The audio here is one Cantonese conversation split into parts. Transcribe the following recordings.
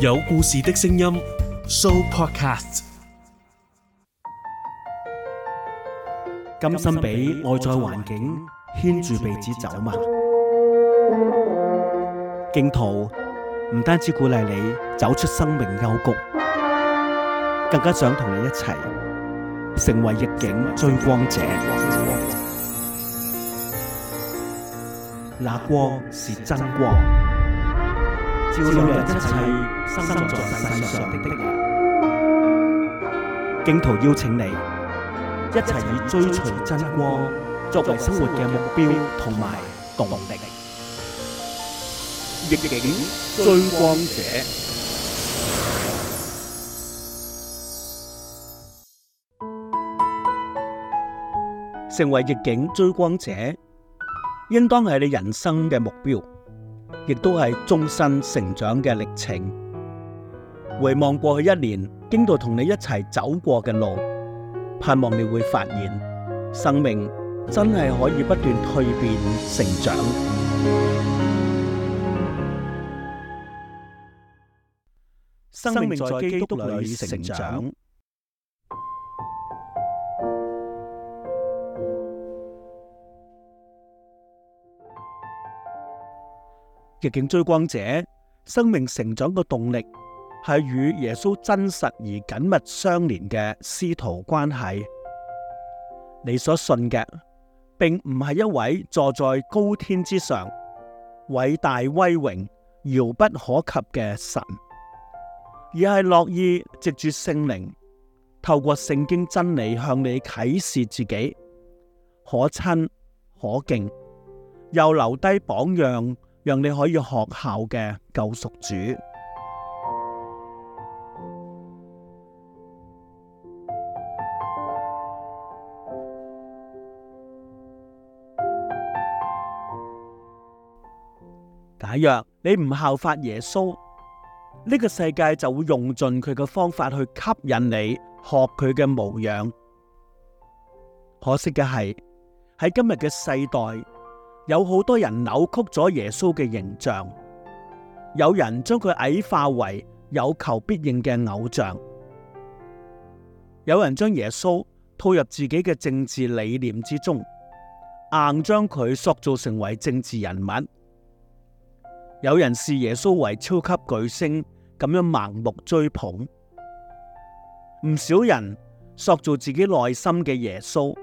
有故事的聲音，Sooopodcast。甘心俾外在環境牽住鼻子走嘛？荊徒唔單止鼓勵你走出生命幽谷，更加想同你一齊成為逆境追光者。那光是真光。照亮一切生在世上的的人，荊徒邀請你一齊以追隨真光作為生活嘅目標同埋動力。逆境追光者成為逆境追光者，應當係你人生嘅目標。亦都係終身成長嘅歷程。回望過去一年，經過同你一齊走過嘅路，盼望你會發現，生命真係可以不斷蛻變成長。生命在基督裏成長。逆境追光者，生命成長嘅動力係與耶穌真實而緊密相連嘅師徒關係。你所信嘅，並唔係一位坐在高天之上、偉大威榮、遙不可及嘅神，而係樂意藉住聖靈，透過聖經真理向你啟示自己，可親可敬，又留低榜樣。讓你可以學效嘅救贖主。假若你唔效法耶穌，呢個世界就會用盡佢嘅方法去吸引你學佢嘅模樣。可惜嘅係喺今日嘅世代，有好多人扭曲咗耶穌嘅形象，有人將佢矮化為有求必應嘅偶像，有人將耶穌套入自己嘅政治理念之中，硬將佢塑造成為政治人物，有人視耶穌為超級巨星，咁樣盲目追捧，唔少人塑造自己內心嘅耶穌，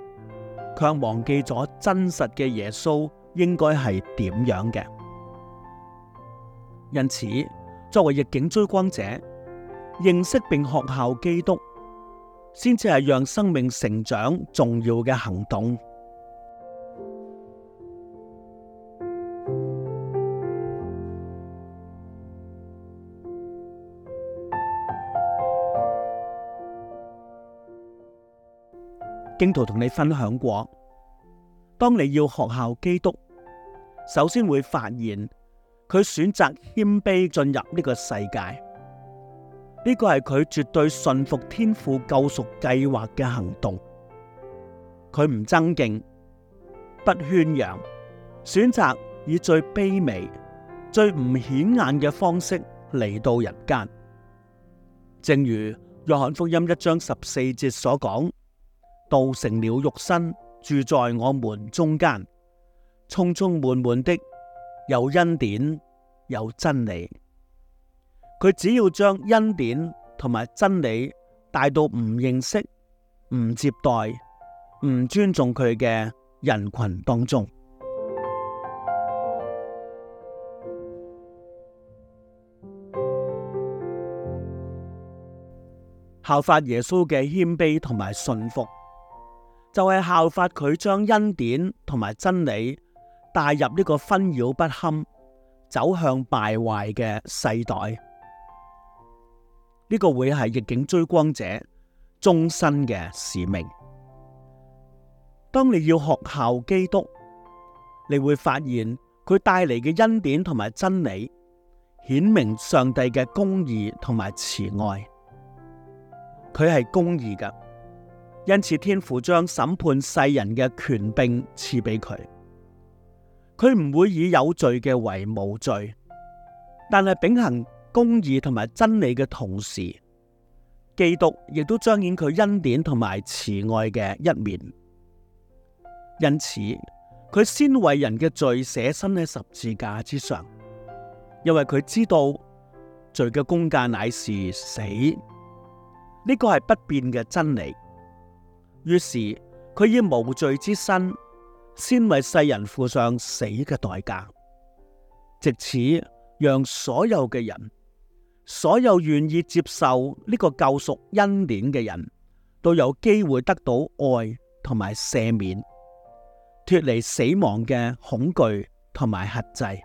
卻忘記咗真實嘅耶穌。應該係點樣嘅？因此，作為逆境追光者，認識並學效基督，先至係讓生命成長重要嘅行動。荊徒同你分享過，當你要學效基督。首先會發現，佢選擇謙卑進入呢個世界，呢個係佢絕對順服天父救贖計劃嘅行動。佢唔爭競、不喧嚷，選擇以最卑微、最唔顯眼嘅方式嚟到人間。正如約翰福音一章十四節所講：道成了肉身，住在我們中間。充充滿滿的，有恩典有真理，佢只要將恩典同埋真理帶到唔認識、唔接待、唔尊重佢嘅人群當中，效法耶穌嘅謙卑同埋信服，就係、是、效法佢將恩典同埋真理。帶入呢個紛擾不堪、走向敗壞嘅世代，呢個會係逆境追光者終身嘅使命。當你要學效基督，你會發現佢帶嚟嘅恩典同埋真理，顯明上帝嘅公義同埋慈愛。佢係公義嘅，因此天父將審判世人嘅權柄賜俾佢。佢唔會以有罪嘅為無罪，但係秉行公義同埋真理嘅同時，基督亦都彰顯佢恩典同埋慈愛嘅一面。因此，佢先為人嘅罪捨身喺十字架之上，因為佢知道罪嘅工價乃是死，呢個係不變嘅真理。於是，佢以無罪之身。先為世人付上死嘅代價，借此讓所有嘅人，所有願意接受呢個救贖恩典嘅人都有機會得到愛同埋赦免，脫離死亡嘅恐懼同埋轄制。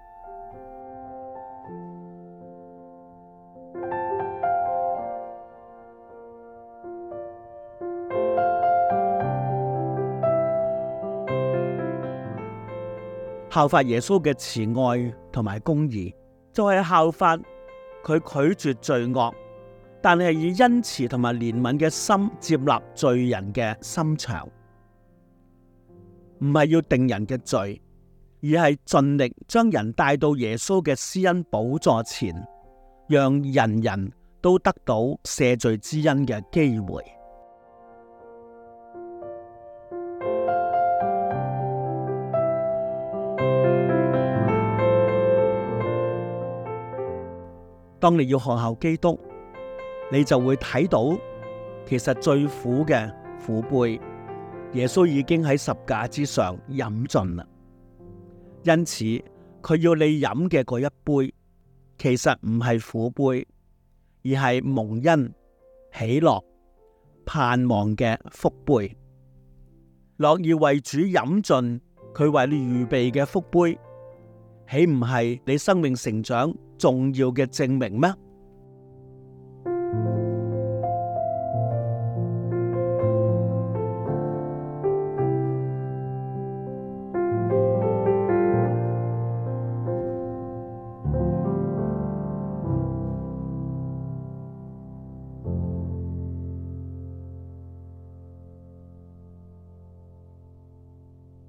效法耶穌嘅慈愛同埋公義，就係、是、效法佢拒絕罪惡，但係以恩慈同埋憐憫嘅心接納罪人嘅心腸，唔係要定人嘅罪，而係盡力將人帶到耶穌嘅施恩寶座前，讓人人都得到赦罪之恩嘅機會。當你要學效基督，你就會睇到，其實最苦嘅苦杯，耶穌已經喺十架之上飲盡啦。因此，佢要你飲嘅嗰一杯，其實唔係苦杯，而係蒙恩、喜樂、盼望嘅福杯。樂意為主飲盡，佢為你預備嘅福杯。豈唔係你生命成長重要嘅證明咩？